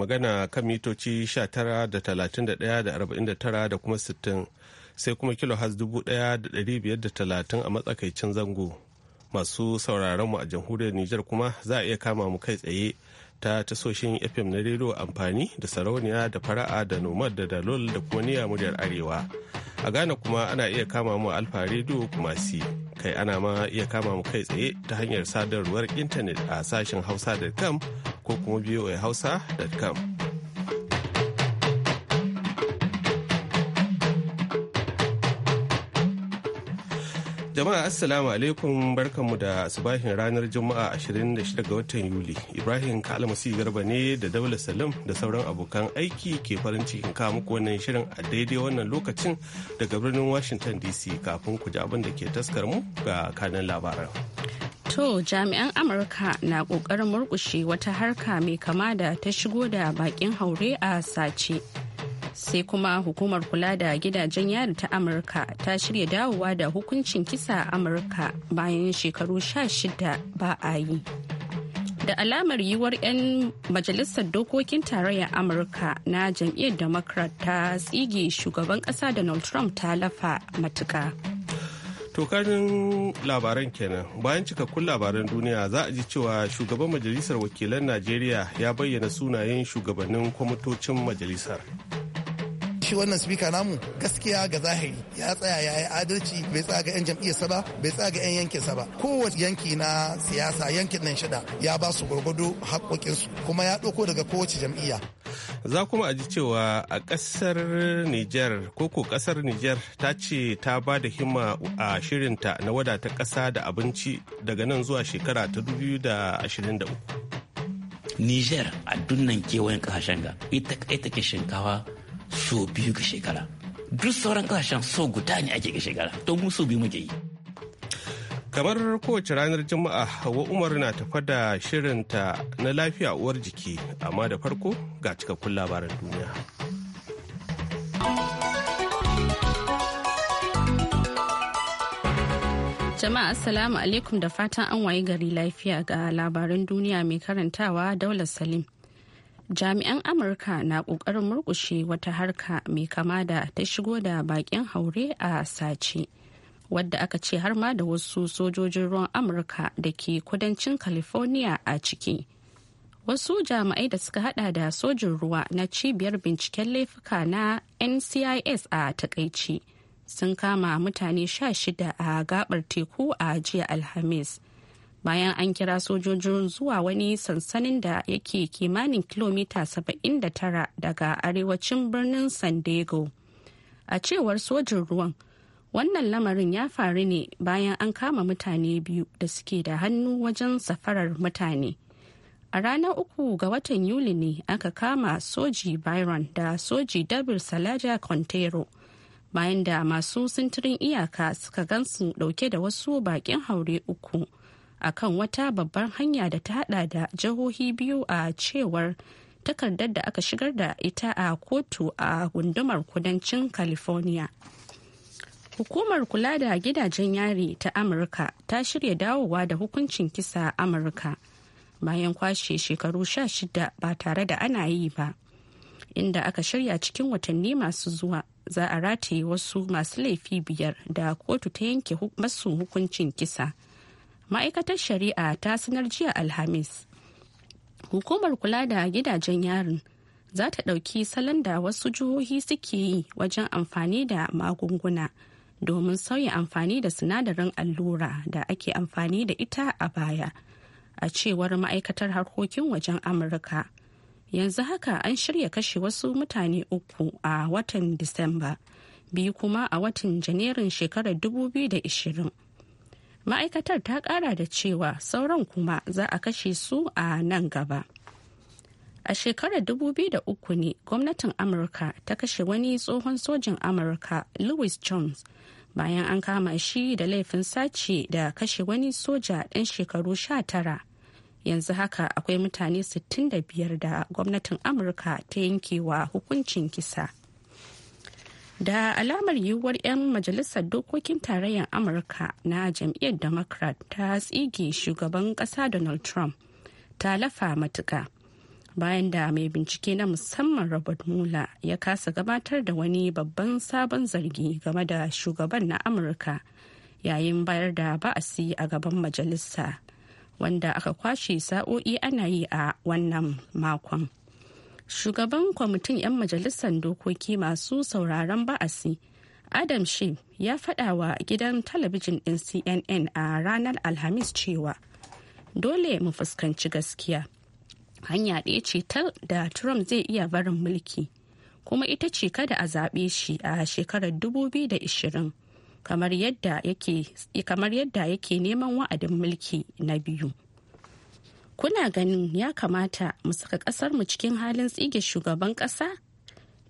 magana kan mitoci 19 da 31 da 49 da kuma 60 sai kuma kilohaz 1530 a matsakaicin zango masu sauraron mu a jamhuriyar Nijar kuma za a iya kama mu kai tsaye ta tasoshin FM na rediyo amfani da sarauniya da fara'a da nomad da dalol da kuma niya muryar arewa a Ghana kuma ana iya kama mu alfa rediyo kuma si. kai ana ma iya kama mu kai tsaye ta hanyar sadarwar intanet a sashen hausa.com ko kuma voahausa.com Jama'a Assalamu alaikum barkanmu da subahin ranar Juma'a 26 ga watan Yuli. Ibrahim Kalmasi Garba ne da Daula Salim da sauran abokan aiki ke farin cikin kawo muku wannan shirin a daidai wannan lokacin daga birnin Washington DC kafin ku ji abin da ke taskar mu ga kanan labaran. To jami'an Amurka na ƙoƙarin murƙushe wata harka mai kama da ta shigo da baƙin haure a sace. sai kuma hukumar kula da gidajen yari ta amurka ta shirya dawowa da hukuncin kisa a amurka bayan shekaru sha shida ba a yi da alamar yiwuwar 'yan majalisar dokokin tarayyar amurka na jam'iyyar democrat ta tsige shugaban kasa donald trump ta lafa matuka tokarin labaran kenan bayan cikakkun labaran duniya za a ji cewa shugaban majalisar wakilan najeriya ya bayyana sunayen shugabannin kwamitocin majalisar shi wannan speaker namu gaskiya ga zahiri ya tsaya ya yi adalci bai tsaya ga 'yan jam'iyyarsa ba bai tsaya ga 'yan yankinsa ba kowace yanki na siyasa yankin nan shida ya ba su gwargwado haƙoƙinsu kuma ya ɗauko daga kowace jam'iyya za kuma a ji cewa a ƙasar Nijar koko ƙasar niger ta ce ta ba da himma a shirinta na wadata ƙasa da abinci daga nan zuwa shekara ta 2023. niger a dunnan kewayen ƙasashen ga ita ke shinkawa so biyu ga shekara duk sauran kasashen so guda ne ake ga shekara don mu so biyu muke yi kamar kowace ranar juma'a hawa umar na tafa da shirinta na lafiya uwar jiki amma da farko ga cikakkun labaran duniya jama'a assalamu alaikum da fatan an wayi gari lafiya ga labaran duniya mai karantawa daular salim jami'an amurka na kokarin murkushe wata harka mai kama da ta shigo da bakin haure a sace wadda aka ce har ma da wasu sojojin ruwan amurka da ke kudancin california a ciki wasu jami'ai da suka hada da sojin ruwa na cibiyar binciken laifuka na ncis a takaici sun kama mutane sha shida a gabar teku a jiya alhamis bayan an kira sojojin zuwa wani sansanin da yake kimanin kilomita 79 daga arewacin birnin san diego a cewar sojin ruwan wannan lamarin ya faru ne bayan an kama mutane biyu da suke da hannu wajen safarar mutane a ranar uku ga watan yuli ne aka kama soji byron da soji dabir salaja contero bayan da masu sintirin iyaka suka gansu dauke da wasu bakin haure uku a kan wata babbar hanya da ta hada da jihohi biyu a cewar takardar da aka shigar da ita a kotu a gundumar kudancin california hukumar kula da gidajen yari ta amurka ta shirya dawowa da hukuncin kisa a amurka bayan kwashe shekaru sha shida ba tare da ana yi ba inda aka shirya cikin watanni masu zuwa za a rataye wasu masu laifi biyar da kotu ta yanke masu hukuncin kisa. ma'aikatar shari'a ta sanar jiya alhamis hukumar kula da gidajen yarin za ta ɗauki salon da wasu jihohi suke yi wajen amfani da magunguna domin sauya amfani da sinadarin allura da ake amfani da ita a baya a cewar ma'aikatar harkokin wajen amurka yanzu haka an shirya kashe wasu mutane uku a watan disamba biyu kuma a watan janairun shekarar 2020 ma'aikatar ta kara da cewa sauran kuma za a kashe su a nan gaba a shekarar 2003 ne gwamnatin amurka ta kashe wani tsohon sojin amurka louis jones bayan an kama shi da laifin sace da kashe wani soja ɗan shekaru 19 yanzu haka akwai mutane 65 da gwamnatin amurka ta yanke wa hukuncin kisa da alamar yiwuwar 'yan majalisar dokokin tarayyar amurka na jam'iyyar democrat ta tsige shugaban kasa donald trump ta lafa matuka bayan da mai bincike na musamman robert mueller ya kasa gabatar da wani babban sabon zargi game da shugaban na amurka yayin bayar da ba'asi a gaban majalisa wanda aka kwashe sa'o'i ana yi a wannan makon. shugaban kwamitin 'yan majalisar dokoki masu sauraron ba'asi adam shim ya fada wa gidan talabijin ɗin cnn a ranar alhamis cewa dole mu fuskanci gaskiya hanya ɗaya ce tal da trump zai iya barin mulki kuma ita ce kada a zaɓe shi a shekarar 2020 kamar yadda yake neman wa'adin mulki na biyu kuna ganin ya kamata mu saka ƙasarmu cikin halin tsige shugaban ƙasa?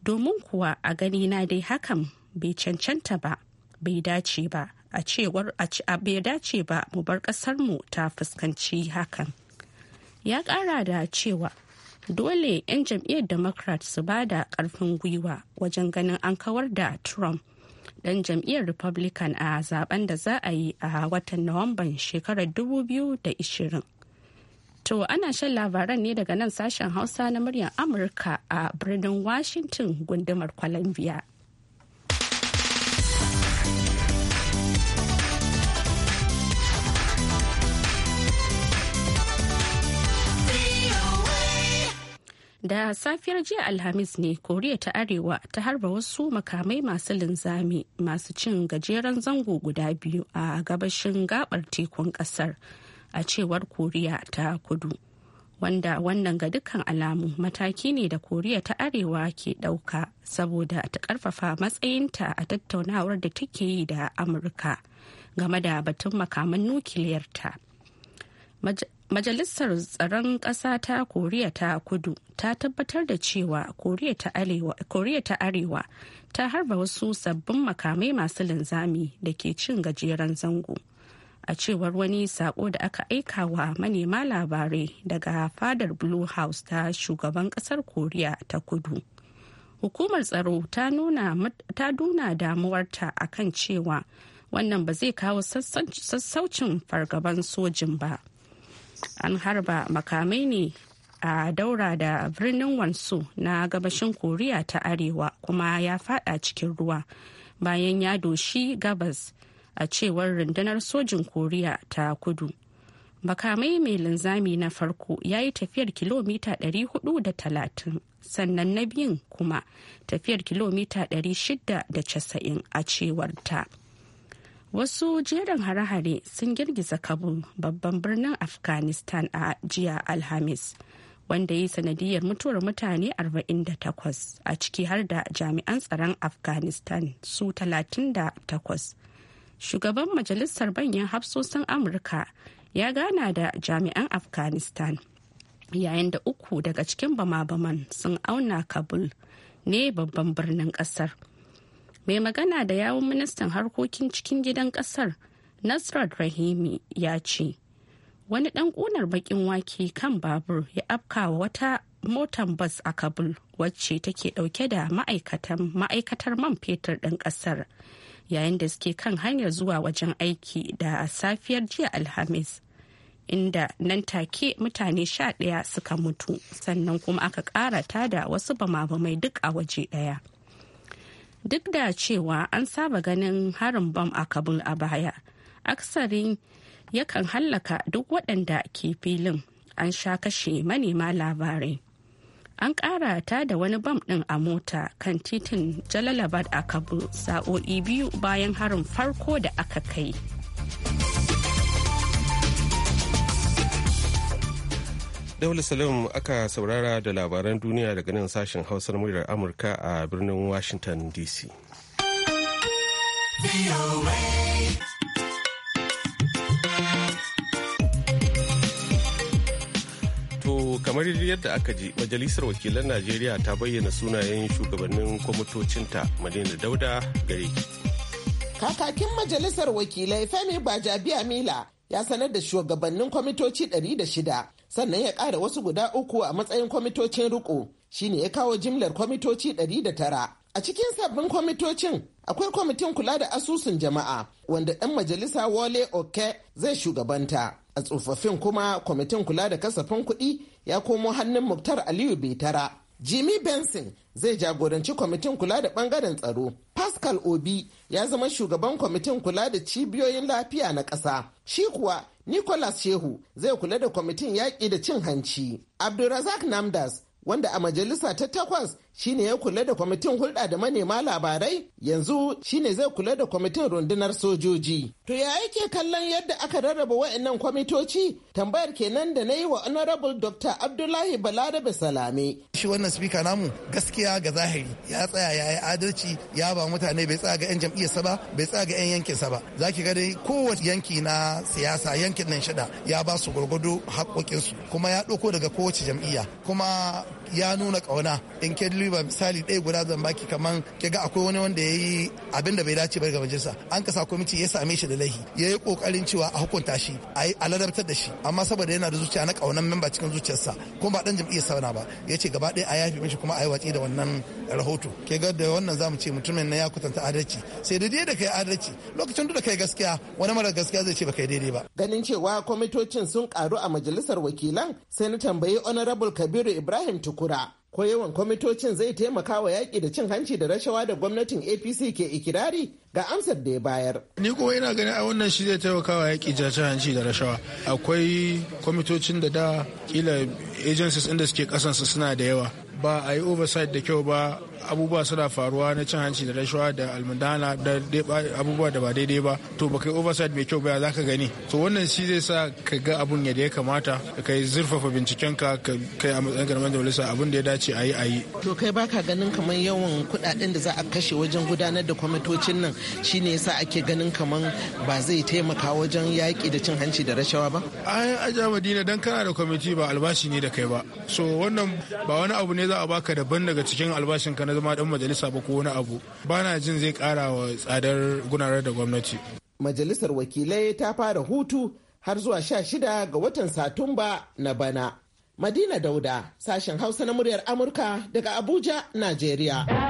domin kuwa a gani na dai hakan bai cancanta ba bai dace ba a cewar a bai dace ba mu bar kasar mu ta fuskanci hakan ya ƙara da cewa dole 'yan jam'iyyar democrat su ba da karfin gwiwa wajen ganin an kawar da trump dan jam'iyyar republican a zaben da za a yi a watan nuwamban shekarar 2020 To ana shan labaran ne daga nan sashen Hausa na muryar Amurka a birnin Washington gundumar Columbia. da safiyar jiya alhamis ne koriya ta arewa ta harba wasu makamai masu linzami masu cin gajeren zango guda biyu a gabashin gabar tekun kasar a cewar koriya ta kudu wanda wannan ga dukkan alamu mataki ne da koriya ta arewa ke ɗauka saboda ta karfafa matsayinta a tattaunawar da take yi da amurka game da batun makaman nukiliyarta majalisar tsaron ƙasa ta koriya ta kudu ta tabbatar da cewa koriya ta arewa ta harba wasu sabbin makamai masu linzami da ke cin gajeren zango a cewar wani sako da aka aika wa manema labarai daga fadar blue house ta shugaban kasar koriya ta kudu hukumar tsaro ta nuna damuwarta a kan cewa wannan ba zai kawo sassaucin fargaban sojin ba an harba makamai ne a daura da birnin wansu na gabashin koriya ta arewa kuma ya fada cikin ruwa bayan ya doshi gabas a cewar rundunar sojin koriya ta kudu makamai mai linzami na farko ya yi tafiyar kilomita 430 sannan na biyun kuma tafiyar kilomita 690 a cewar ta wasu jerin hare-hare sun girgiza kabul babban birnin afghanistan a jiya alhamis wanda ya yi sanadiyar mutuwar mutane 48 a ciki har da jami'an tsaron afghanistan su 38 shugaban majalisar banyan hafsosin amurka ya gana da jami'an afghanistan yayin da uku daga cikin bama-baman sun auna kabul ne babban birnin kasar mai magana da yawun ministan harkokin cikin gidan kasar nasrat rahimi ya ce wani dan kunar bakin wake kan babur ya afkawa wata motan bas a kabul wacce take dauke da ma'aikatar man fetur ɗin ƙasar yayin da suke kan hanyar zuwa wajen aiki da safiyar jiya alhamis inda nan take mutane sha ɗaya suka mutu sannan kuma aka ƙara da wasu bama-bamai duk a waje ɗaya duk da cewa an saba ganin harin bam a kabul a baya aksarin yakan hallaka duk waɗanda ke filin an sha kashe manema labarai an ƙarata ta da wani bam ɗin a mota kan titin jalalabad a kabu sa'o'i biyu bayan harin farko da aka kai daula Salim aka saurara da labaran duniya daga nan sashen hausar muryar amurka a birnin washington dc kamar yadda aka ji majalisar wakilan najeriya ta bayyana sunayen shugabannin kwamitocinta madina dauda gare kakakin majalisar wakilai femi bajabiya mila ya sanar da shugabannin kwamitoci 106 sannan ya ƙara wasu guda uku a matsayin kwamitocin riko shine ya kawo jimlar kwamitoci 109 a cikin sabbin kwamitocin akwai kwamitin kula da asusun jama'a wanda ɗan majalisa wale oke zai shugabanta a tsofaffin kuma kwamitin kula da kasafin kuɗi ya komo hannun muktar aliyu betara jimmy benson zai jagoranci kwamitin kula da bangaren tsaro pascal obi ya zama shugaban kwamitin kula da cibiyoyin lafiya na ƙasa shi kuwa nicholas shehu zai kula da kwamitin yaƙi da cin hanci abdulrazak namdas wanda a majalisa ta takwas shine ya kula da kwamitin hulɗa da manema labarai yanzu shine zai kula da kwamitin rundunar sojoji. To ya yake kallon yadda aka rarraba wa'annan kwamitoci tambayar kenan da na yi wa honorable Dr. Abdullahi Balarabe Salame. Shi wannan spika namu gaskiya ga zahiri ya tsaya ya yi adalci ya ba mutane bai tsaya ga 'yan jam'iyyarsa ba bai tsaya ga 'yan yankinsa ba. Za ki ga dai kowace yanki na siyasa yankin nan shida ya ba su gwargwado haƙoƙinsu kuma ya ɗauko daga kowace jam'iyya kuma ya nuna kauna in ke ba misali ɗaya guda zan baki kaman ke ga akwai wani wanda ya yi abin da bai dace ba ga majalisa an kasa kwamiti ya same shi da laihi ya yi kokarin cewa a hukunta shi a yi aladabtar da shi amma saboda yana da zuciya na kaunan memba cikin zuciyarsa kuma ba dan jam'iyyar sauna ba ya ce gaba ɗaya a yafi mishi kuma a yi watsi da wannan rahoto ke ga da wannan zamu ce mutumin na ya kutanta adalci sai da da kai adalci lokacin da kai gaskiya wani mara gaskiya zai ce ba kai daidai ba ganin cewa kwamitocin sun karu a majalisar wakilan sai na tambayi honorable kabiru ibrahim tuku Kura ko yawan kwamitocin zai taimaka wa yaƙi da cin hanci da rashawa da gwamnatin apc ke ikirari ga amsar da ya bayar. Ni kuma yana ganin a wannan shi zai taimaka wa yaƙi cin hanci da rashawa. Akwai kwamitocin da da kila agencies inda suke kasansu suna da yawa. Ba a yi oversight da kyau ba abubuwa suna faruwa na cin hanci da rashawa da almundana da abubuwa da ba daidai ba to ba kai oversight mai kyau ba za ka gani to wannan shi zai sa ka ga abun yadda ya kamata ka kai zurfafa binciken ka kai a matsayin garman majalisa abun da ya dace a yi a yi. to kai baka ganin kamar yawan kuɗaɗen da za a kashe wajen gudanar da kwamitocin nan shi ne yasa ake ganin kamar ba zai taimaka wajen yaƙi da cin hanci da rashawa ba. ai aja madina dan kana da kwamiti ba albashi ne da kai ba so wannan ba wani abu ne za a baka daban daga cikin albashin ka na zama dan majalisa ba ko wani abu bana jin zai kara wa tsadar gunarar da gwamnati majalisar wakilai ta fara hutu har zuwa sha shida ga watan satumba na bana madina dauda sashen hausa na muryar amurka daga abuja najeriya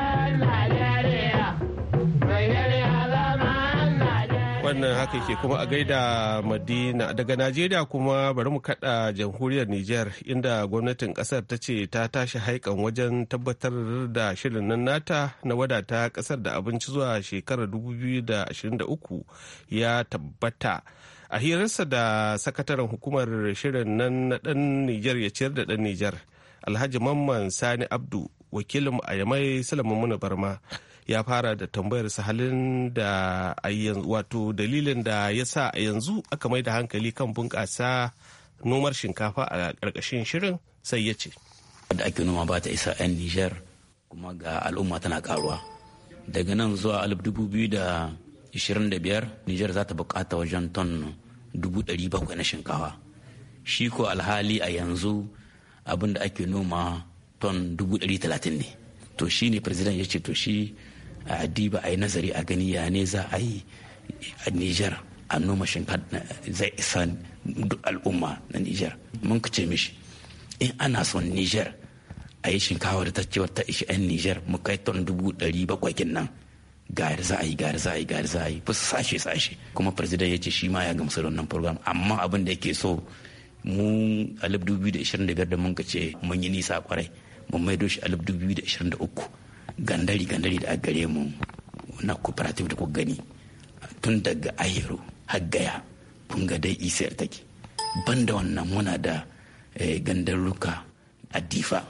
wannan haka ke kuma a gaida madina daga najeriya kuma bari mu kada jamhuriyar niger inda gwamnatin kasar ta ce ta tashi haikan wajen tabbatar da shirin nan nata na wadata kasar da abinci zuwa shekarar 2023 ya tabbata a hirarsa da sakataren hukumar shirin nan na dan niger ya ciyar da dan niger alhaji mamman sani abdu wakilin a yamai barma ya fara da tambayar su halin da wato dalilin da ya sa a yanzu aka mai da hankali kan bunƙasa nomar shinkafa a ƙarƙashin shirin sai ya ce. da ake noma ba ta isa 'yan nijar kuma ga al'umma tana karuwa daga nan zuwa biyar nijar za ta bukata wajen ton bakwai na shinkafa shi ko alhali a yanzu abin da ake noma ton talatin ne to shi ne president ya ce to shi a diba a yi nazari a gani ya ne za a yi a Nijar a noma shinkafa zai isa duk al'umma na Nijar. Mun ce mishi in ana son Nijar a yi shinkawa da ta ce ta ishi 'yan Nijar mu kai ton dubu ɗari bakwai nan. gari za a yi gari za a yi gari za a yi ba sashe sashe kuma president ya ce shi ma ya gamsu wannan program amma abin da yake so mu alif dubu da ishirin da biyar da mun ka ce mun yi nisa kwarai mun maido shi alif dubu da ishirin da uku gandari gandari da aka gare mu na cooperative da kuka gani tun daga ahero haggaya kun ga dai isiyar e take banda wannan muna da eh, gandarruka a difa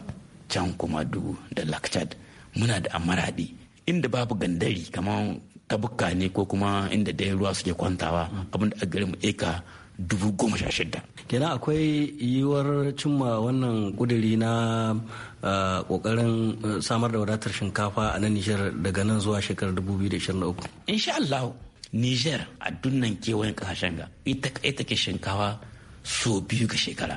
can kuma dugu da lakchad muna da amaradi inda babu gandari kamar tabuka ne ko kuma inda dai ruwa suke kwantawa mm. abinda a gare mu eka dubu goma sha shida. kenan akwai yiwuwar cimma wannan kuduri na kokarin ah, eh, samar da wadatar shinkafa a nan nijar daga nan zuwa shekarar 2023 insha Allah nijar a dunnan kewayen kasashen ga ita kai take shinkafa so biyu ga shekara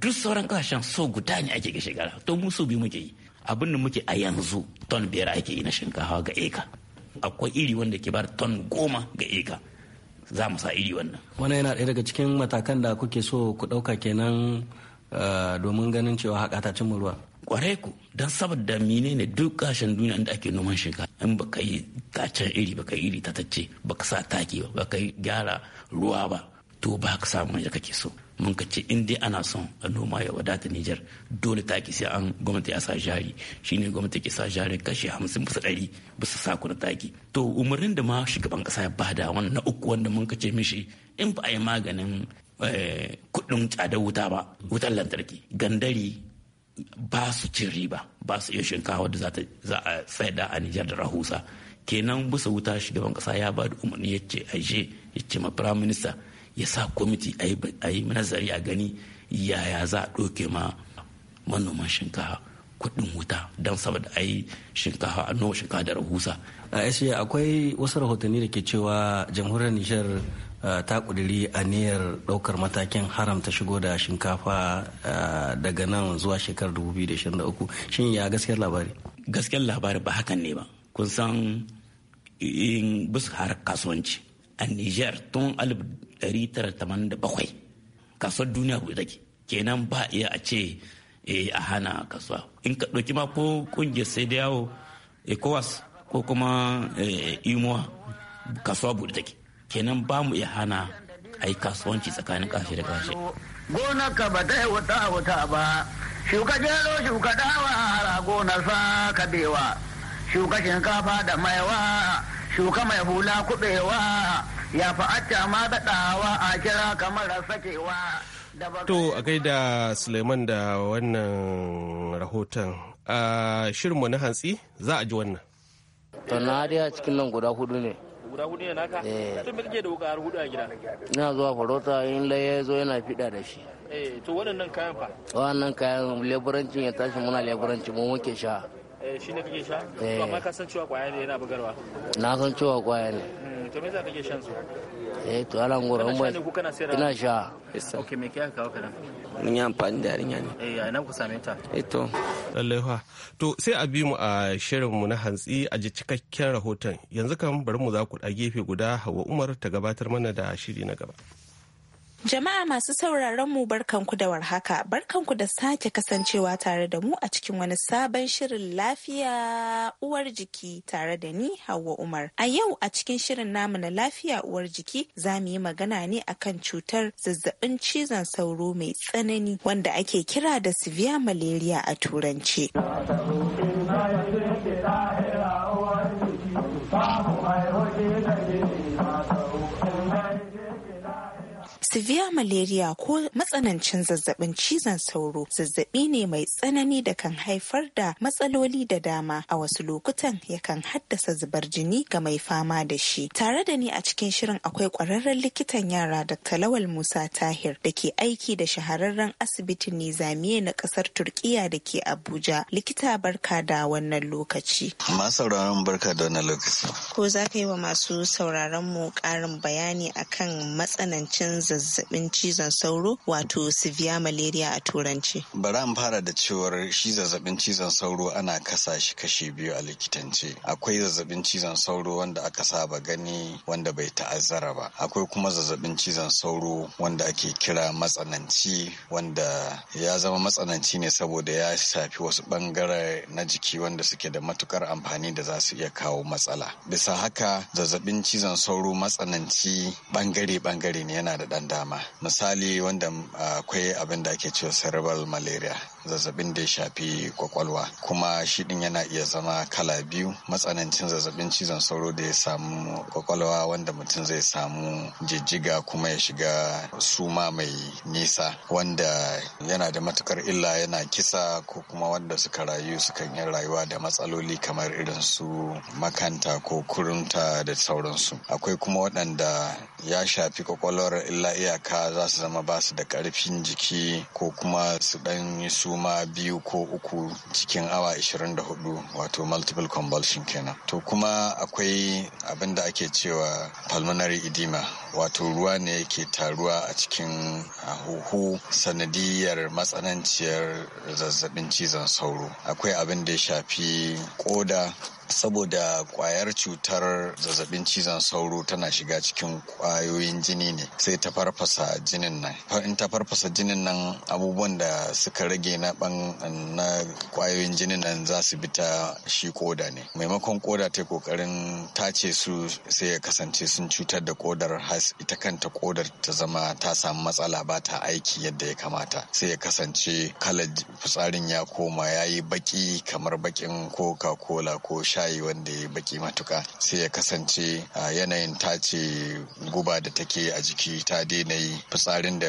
duk sauran kasashen so guda ne ake ga shekara to mu so biyu muke yi abin da muke a yanzu ton biyar ake yi na shinkafa ga eka akwai iri wanda ke bar ton goma ga eka za mu sa iri wannan Wani yana ɗaya daga cikin matakan da kuke so ku ɗauka kenan eh, domin ganin cewa haƙa ta cimma ruwa kwarai ku don saboda menene duk kashin duniya inda ake noman shiga in baka yi tacen iri baka yi iri ba baka sa taki ba baka yi gyara ruwa ba to ba ka samu da kake so mun ka ce in dai ana son a noma ya wadata Nijar dole ta ki sai an gwamnati ya sa jari shine gwamnati ke sa jari kashi hamsin bisa ɗari bisa ta taki to umarnin da ma shugaban kasa ya bada wannan na uku wanda mun ka ce mishi in ba a yi maganin eh, kuɗin tsadar wuta ba wutar lantarki gandari ba su cin riba ba su iya shinkawa da za a da a Nijar da rahusa kenan bisa wuta shugaban kasa ya bada umarni ya ce aje ya ce ma Prime Minister. ya sa kwamiti a yi nazari a gani yaya za a ɗauke ma manoman shinkafa kuɗin wuta don saboda a yi shinkafa a noma shinkafa da rahusa. a akwai wasu rahotanni da ke cewa jamhuriyar nijar ta kuduri aniyar daukar matakin haramta shigo da shinkafa daga nan zuwa shekarar 2023 shin ya gaskiyar labari gaskiyar labari ba hakan ne ba kun san in bisa har kasuwanci a Niger tun 1987 kasuwar duniya ku take kenan ba iya a ce eh, a hana kasuwa in ka ɗauki ma ko ƙungiyar sai da yawo ecowas ko kuma eh, imowa kasuwa buɗe take kenan ba mu iya hana a yi kasuwanci tsakanin ƙasashe da ƙasashe. ka ba ta yi wata wata ba shuka jero shuka dawa hara ka kabewa shuka shinkafa da maiwa shuka mai hula kuɗewa ya fa'acca ma daɗawa a kira kamar sakewa. To a gaida Suleiman da wannan rahoton a shirinmu na hantsi za a ji wannan. To na a cikin nan guda hudu ne. guda hudu ne naka? Eh. To tun da wuka har hudu a gida? Ina zuwa farauta in laye zo yana fida da shi. Eh to waɗannan kayan fa? Wannan kayan leburancin ya tashi muna leburancin mu muke sha. Eh, shi ne kake sha to eh. amma ka san cewa kwaya ne yana bugarwa na san cewa kwaya ne hmm, to me za kake shan su eh to alan gora mun ina sha okay me kai kawo kana mun yi amfani da yarinya ne eh ina ku same ta eh to lallai to sai a bi mu a shirin mu na hantsi a ji cikakken rahoton yanzu kan bari mu za ku a gefe guda Hauwa Umar ta gabatar mana da shiri na gaba Jama'a masu sauraron mu barkanku da warhaka, barkanku da sake kasancewa tare da mu a cikin wani sabon shirin lafiya uwar jiki tare da ni Hauwa Umar. A yau a cikin shirin namu na lafiya uwar jiki za mu yi magana ne akan cutar zazzabin cizon sauro mai tsanani wanda ake kira da severe malaria a turanci. Severe malaria ko matsanancin zazzabin cizon sauro zazzabi ne mai tsanani da kan haifar da matsaloli da dama a wasu lokutan yakan haddasa zubar jini ga mai fama da shi. Tare da ni a cikin shirin akwai kwararren likitan yara Dr. Lawal Musa Tahir da ke aiki da shahararren asibitin Nizamiye na kasar Turkiya da ke Abuja. Likita barka da wannan lokaci. Ko za ka yi wa masu sauraron mu ƙarin bayani akan matsanancin zazzabin zazzabin cizon sauro wato severe malaria a turanci. Bari an fara da cewar shi zazzabin cizon sauro ana kasa shi kashi biyu a likitance. Akwai zazzabin cizon sauro wanda aka saba gani wanda bai ta'azzara ba. Akwai kuma zazzabin cizon sauro wanda ake kira matsananci wanda ya zama matsananci ne saboda ya shafi wasu bangare na jiki wanda suke da matukar amfani da za su iya kawo matsala. Bisa haka zazzabin cizon sauro matsananci bangare-bangare ne yana da ɗan dama misali wanda ah, akwai abin da ake cewa cerebral malaria zazzabin da ya shafi kwakwalwa kuma shi din yana iya zama kala biyu matsanancin zazzabin cizon sauro da ya samu kwakwalwa wanda mutum zai samu jijjiga kuma ya shiga suma mai nisa wanda yana da matukar illa yana kisa ko kuma wanda suka rayu suka yi rayuwa da matsaloli kamar irin su makanta ko kurunta da sauransu akwai kuma waɗanda ya shafi kwakwalwar illa iyaka za su zama ba su da ƙarfin jiki ko kuma su ɗan yi su su biyu ko uku cikin awa 24 wato multiple convulsion kenan to kuma akwai abin da ake cewa pulmonary edema wato ruwa ne ke taruwa a cikin huhu sanadiyar matsananciyar zazzabin cizon sauro akwai abin da ya shafi koda saboda kwayar cutar zazzabin cizon sauro tana shiga cikin kwayoyin jini ne sai ta farfasa jinin nan in ta farfasa jinin nan abubuwan da suka rage na na kwayoyin jinin nan za su bi ta shi koda ne maimakon koda ta kokarin tace su sai ya kasance sun cutar da kodar has ita kanta kodar ta zama ta samu matsala ba ta aiki yadda ya kamata sai ya kasance kalar fitsarin ya koma ya yi baki kamar bakin coca cola ko shayi wanda ya baki matuka sai ya kasance a yanayin tace guba da take a jiki ta daina yi fitsarin da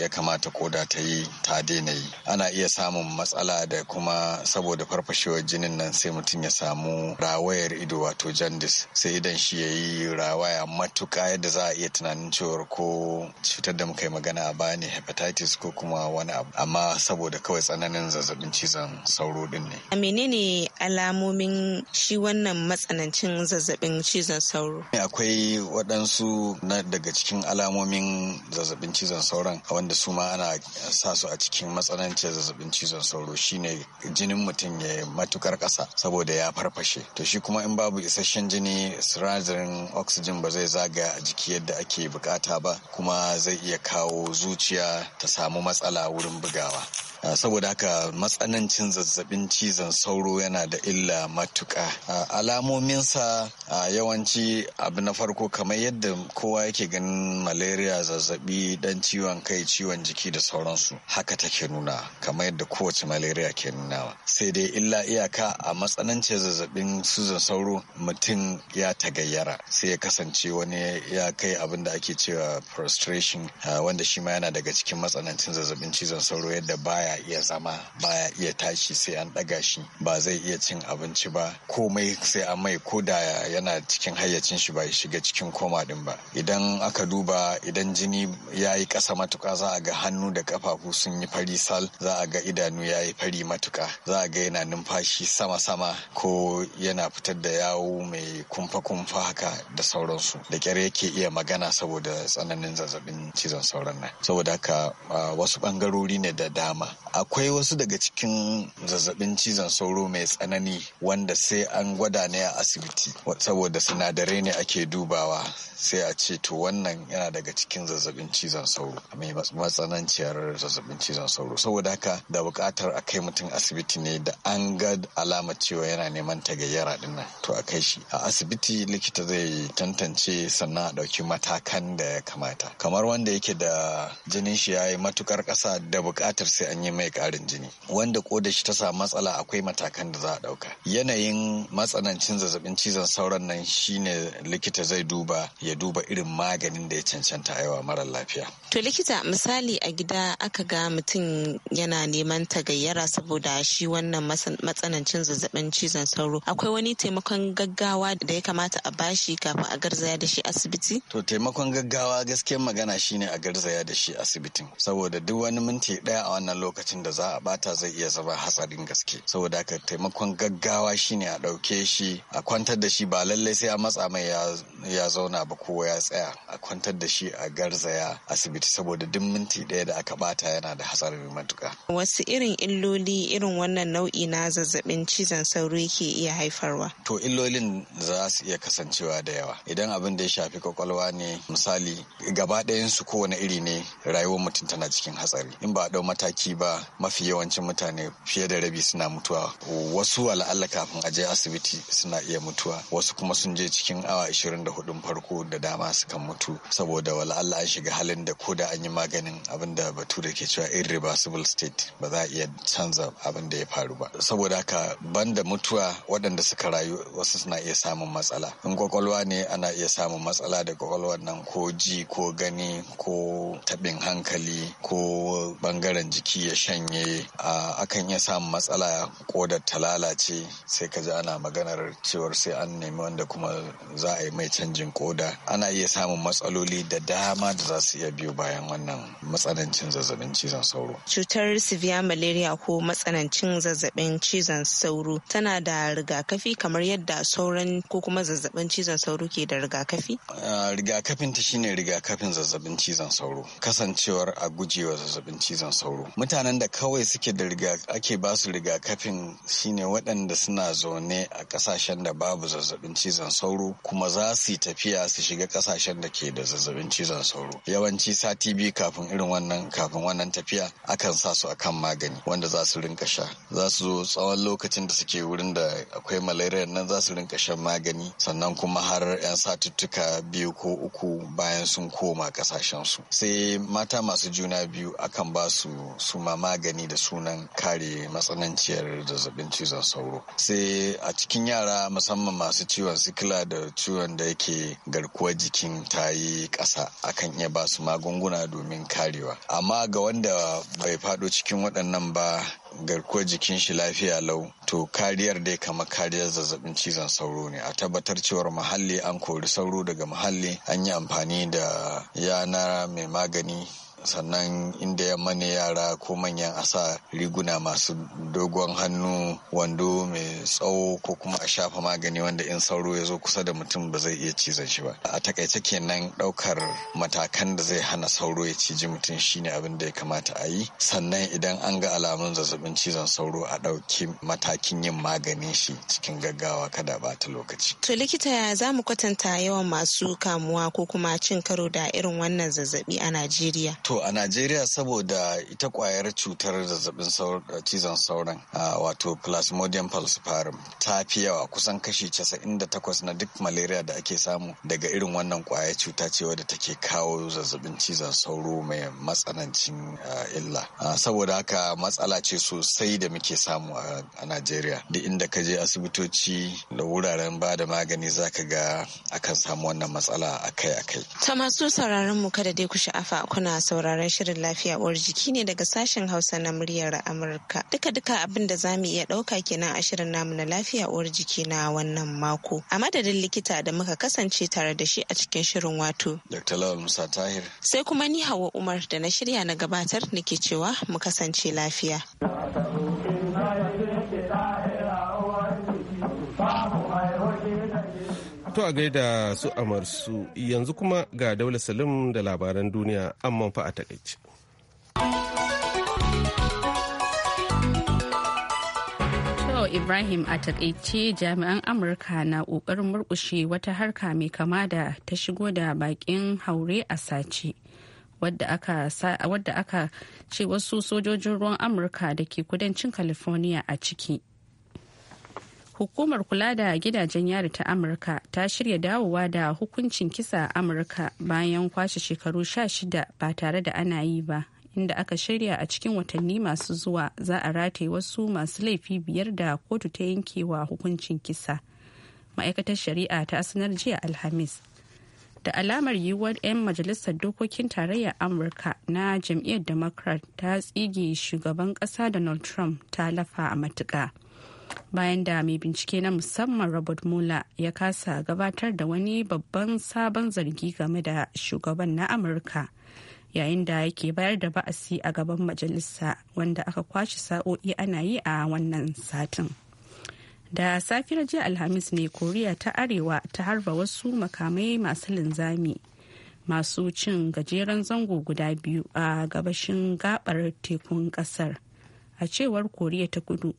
ya kamata koda ta yi ta daina yi ana iya samun matsala da kuma saboda farfashewar jinin nan sai mutum ya samu rawayar ido wato jandis sai idan shi ya yi rawaya matuka yadda za a iya tunanin cewar ko cutar da muka yi magana a baya ne hepatitis ko kuma wani abu amma saboda kawai tsananin zazzabin cizon sauro din ne menene alamomin shi wannan matsanancin zazzabin cizon sauro? Eh, akwai waɗansu na daga cikin alamomin zazzabin cizon sauron wanda su ma ana sa su a cikin matsanancin zazzabin cizon sauro shine jinin mutum ya matukar ƙasa saboda ya farfashe. To shi kuma in babu isasshen jini sinadarin oxygen ba zai zaga a jiki yadda ake bukata ba kuma zai iya kawo zuciya ta samu matsala wurin bugawa. Ah, saboda haka matsanancin zazzabin cizon sauro yana da illa matuka ah, alamominsa ah, yawanci abu na farko kamar yadda kowa yake ganin malaria zazzabi dan ciwon kai ciwon jiki da sauransu haka take nuna kamar yadda kowace malaria ke nunawa sai dai illa iyaka a matsanancin zazzabin cizon sauro mutum ya tagayyara sai ya kasance wani ya kai abin da ake cewa prostration wanda shi ma yana daga cikin matsanancin zazzabin cizon sauro yadda baya baya iya zama baya iya tashi sai an ɗaga shi ba zai iya cin abinci ba komai sai a mai ko da yana cikin hayyacin shi ba ya shiga cikin koma din ba idan aka duba idan jini ya yi ƙasa matuƙa za a ga hannu da ƙafafu sun yi fari sal za a ga idanu ya yi fari matuƙa za a ga yana numfashi sama-sama ko yana fitar da yawo mai kumfa-kumfa haka da sauransu da kyar yake iya magana saboda tsananin zazzabin cizon sauran nan saboda haka wasu ɓangarori ne da dama akwai wasu daga cikin zazzabin cizon sauro mai tsanani wanda sai an gwada ne a asibiti saboda sinadarai ne ake dubawa sai a ce to wannan yana daga cikin zazzabin cizon sauro mai matsananciyar zazzabin cizon sauro saboda haka da bukatar a kai mutum asibiti ne da an ga alama cewa yana neman tagayyara din nan to a kai shi a asibiti likita zai tantance sannan a ɗauki matakan da ya kamata kamar wanda yake da jinin shi ya yi matukar ƙasa da bukatar sai an yi mai karin jini wanda ko da shi ta samu matsala akwai matakan da za a ɗauka yanayin matsanancin zazzabin cizon sauron nan shine likita zai duba ya duba irin maganin da ya cancanta yawa mara lafiya. To likita misali a gida aka ga mutum yana neman tagayyara saboda shi wannan matsanancin zazzabin cizon sauro akwai wani taimakon gaggawa da ya kamata a bashi kafin a garzaya da shi asibiti? To taimakon gaggawa gaskiyar magana shine a garzaya da shi asibitin saboda duk wani minti ɗaya a wannan lokacin da za a bata zai iya zama hatsarin gaske saboda haka taimakon gaggawa shine a ɗauke shi a kwantar da shi ba lallai sai a matsa mai ya zauna ba kowa ya tsaya a kwantar da shi a garzaya asibiti saboda duk minti ɗaya da aka bata yana da hatsarin matuka. Wasu irin illoli irin wannan nau'i na zazzabin cizon sauro ke iya haifarwa? To illolin za su iya kasancewa da yawa. Idan abin da ya shafi kwakwalwa ne misali gaba ɗayansu kowane iri ne rayuwar mutum tana cikin hatsari. In ba a ɗau mataki ba mafi yawancin mutane fiye da rabi suna mutuwa. Wasu wala'alla kafin a je asibiti suna iya mutuwa. Wasu kuma sun je cikin awa da hudun farko da dama sukan mutu saboda wala Allah an shiga halin da ko da an yi maganin abin da ke cewa irreversible state ba za a iya canza abin da ya faru ba saboda haka banda mutuwa waɗanda suka rayu wasu suna iya samun matsala in kwakwalwa ne ana iya samun matsala da kwakwalwar nan ko ji ko gani ko taɓin hankali ko bangaren jiki ya shanye akan iya samun matsala kodar ta lalace sai ka ji ana maganar cewar sai an nemi wanda kuma za a yi mai canjin koda ana iya samun matsaloli da dama da za su iya biyo bayan wannan matsanancin zazzabin cizon sauro. Cutar severe malaria ko matsanancin zazzabin cizon sauro tana da rigakafi kamar yadda sauran ko kuma zazzabin cizon sauro ke da rigakafi? Rigakafin ta shine rigakafin zazzabin cizon sauro. Kasancewar a gujewa zazzabin cizon sauro. Mutanen da kawai suke da ake ba su rigakafin shine waɗanda suna zaune a ƙasashen da babu zazzabin cizon sauro kuma za su yi tafiya su shiga kasashen da ke da zazzabin cizon sauro yawanci sati biyu kafin irin wannan kafin wannan tafiya akan sa su akan magani wanda za su rinka sha za su zo tsawon lokacin da suke wurin da akwai malaria nan za su rinka shan magani sannan kuma har 'yan satuttuka biyu ko uku bayan sun koma kasashen su sai mata masu juna biyu akan ba su su magani da sunan kare matsananciyar zazzabin cizon sauro sai a cikin yara musamman masu ciwon sikila da ciwon da yake garkuwa Kuwa jikin ta yi ƙasa akan iya ba su magunguna domin karewa amma ga wanda bai faɗo cikin waɗannan ba garkuwar jikin shi lafiya lau to kariyar dai kama kariyar zazzabin cizon sauro ne a tabbatar cewar muhalli an kori sauro daga muhalli an yi amfani da yana mai magani sannan inda yamma ne yara ko manyan a sa riguna masu dogon hannu wando mai tsawo ko kuma a shafa magani wanda in sauro ya zo kusa da mutum ba zai iya cizon shi ba a takaice kenan daukar matakan da zai hana sauro ya ciji mutum shine abin da ya kamata a yi sannan idan an ga alamun zazzabin cizon sauro a ɗauki matakin yin maganin shi cikin gaggawa kada bata lokaci to likita za mu kwatanta yawan masu kamuwa ko kuma cin karo da irin wannan zazzabi a najeriya to To a Najeriya saboda ita kwayar cutar zazzabin cizon sauran wato Plasmodium falciparum ta fi yawa kusan kashi 98 na duk malaria da ake samu daga irin wannan kwayar cuta ce wadda take kawo zazzabin cizon sauro mai matsanancin illa. Saboda haka matsala ce sosai da muke samu a Najeriya. Duk inda ka je asibitoci da wuraren ba da magani za ka ga akan samu wannan matsala akai-akai. Ta masu sauraron mu kada dai ku sha'afa kuna sauraron sauraron shirin lafiya uwar jiki ne daga sashen Hausa na muryar Amurka. Duka-duka abin da za mu iya ɗauka kenan a shirin namu na lafiya uwar jiki na wannan mako. A madadin likita da muka kasance tare da shi a cikin shirin wato. Tahir. Sai kuma ni Hawa Umar da na shirya na gabatar nake cewa mu kasance lafiya. To a gaida su a amarsu yanzu kuma ga Daula Salim da labaran duniya amman fa a takaice. Ibrahim a takaice jami'an Amurka na ƙoƙarin murkushe wata harka mai kama da ta shigo da bakin haure a sace. Wadda aka ce wasu sojojin ruwan Amurka da ke kudancin California a ciki. hukumar kula da gidajen yari ta amurka ta shirya dawowa da hukuncin kisa a amurka bayan kwashe shekaru sha shida ba tare da ana yi ba inda aka shirya a cikin watanni masu zuwa za a rataye wasu masu laifi biyar da kotu ta yankewa hukuncin kisa ma'aikatar shari'a ta sanar jiya alhamis da alamar yiwuwar 'yan majalisar dokokin tarayyar amurka na jam'iyyar democrat ta tsige shugaban ƙasa donald trump ta lafa a matuka. bayan da mai bincike na musamman robert mueller ya kasa gabatar da wani babban sabon zargi game da shugaban na amurka yayin da yake bayar da ba'asi a gaban majalisa wanda aka kwashe sa'o'i ana yi a wannan satin da safiyar jiya alhamis ne koriya ta arewa ta harba wasu makamai masu linzami masu cin gajeren zango guda biyu a gabashin gabar tekun kasar a cewar koriya ta kudu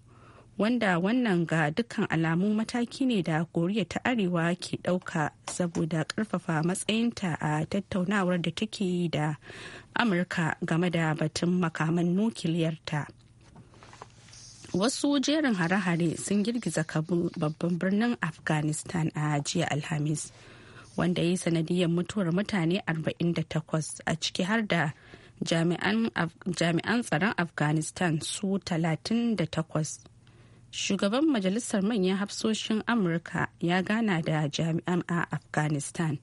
wanda wannan ga dukkan alamu mataki ne da koriya ta arewa ke ɗauka saboda karfafa matsayinta a tattaunawar da take yi da amurka game da batun makaman nukiliyarta wasu jerin hare-hare sun girgiza kabul babban birnin afghanistan a jiya alhamis wanda ya yi sanadiyar mutuwar mutane 48 a ciki har da jami'an tsaron afghanistan su 38 shugaban majalisar manyan hafsoshin amurka ya gana da jami'an a afghanistan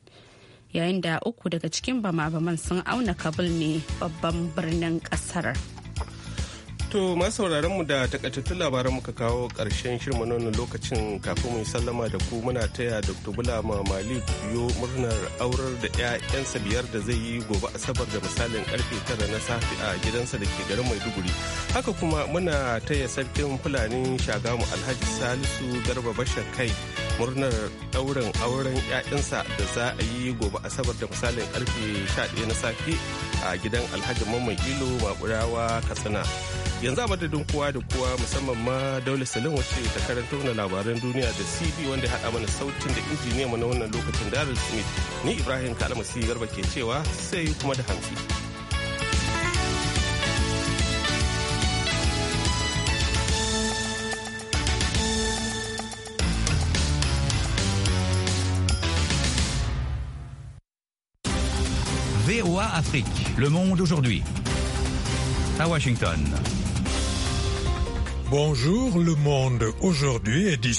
yayin da uku daga cikin bama-baman sun auna kabul ne babban birnin kasar. To masu mu da takaitattun labaran muka kawo ƙarshen shirma nan lokacin kafin mu sallama da ku muna taya Dr. Bulama Malik biyo murnar aurar da 'ya'yansa biyar da zai yi gobe Asabar da misalin karfe tara na safe a gidansa da ke garin Maiduguri. Haka kuma muna taya sarkin Fulani Shagamu Alhaji Salisu Garba Bashar Kai murnar ɗaurin auren 'ya'yansa da za a yi gobe Asabar da misalin karfe 11 na safe a gidan Alhaji Mamman Ilo Makurawa Katsina. yanzu a madadin kowa da kowa musamman ma daula salim wacce ta karanta wani labaran duniya da cd wanda haɗa mana sautin da injiniya mu na wannan lokacin daryl smith ni ibrahim si garba ke cewa sai kuma da hantsi. Afrique. Le monde aujourd'hui. À Washington. Bonjour le monde aujourd'hui édition